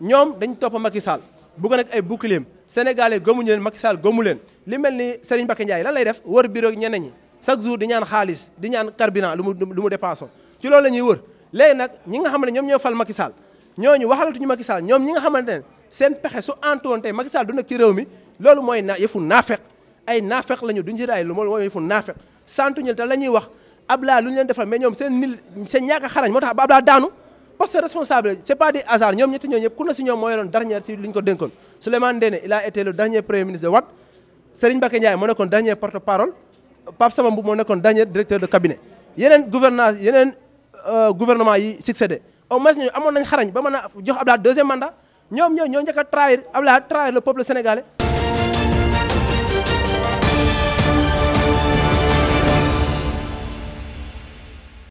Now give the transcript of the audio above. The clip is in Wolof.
ñoom dañ topp Macky Sall bugg nag ay bouclier sénégalais gëmuñu leen Macky Sall gëmu leen li mel ni Serigne Mbacké Ndiaye lan lay def wër bureau ñeneen ñi chaque jour di ñaan xaalis di ñaan carburant lu mu lu mu ci loolu la ñuy wër léegi nag ñi nga xam ne ñoom fal Macky Sall ñooñu waxalatuñu Macky Sall ñoom ñi nga xamante ne seen pexe su antoon tey Macky Sall du nekk ci réew mi loolu mooy na yëfu naafeq ay naafeq lañu du ci raay lu mooy yëfu naafeq santuñu te la ñuy wax Abdoulaye lu ñu defal mais ñoom seen nil seen ñàkk xarañ moo tax daanu poste responsable c'est pas du hasard ñoom ñetti ñoo ñëpp ku na si ñoom moo yoroon dernière si li ko il a été le dernier premier ministre de Watt. Serigne Mbacké Ndiaye moo nekkoon dernier porte-parole Pape Samba Mboup moo dernier directeur de cabinet yeneen gouvernance yeneen euh, gouvernement yi succédé au moins ñooñu amoon nañ xarañ ba mën a jox Abdoulaye deuxième mandat ñoom ñoo ñoo njëkk trahir Abdoulaye trahir le peuple sénégalais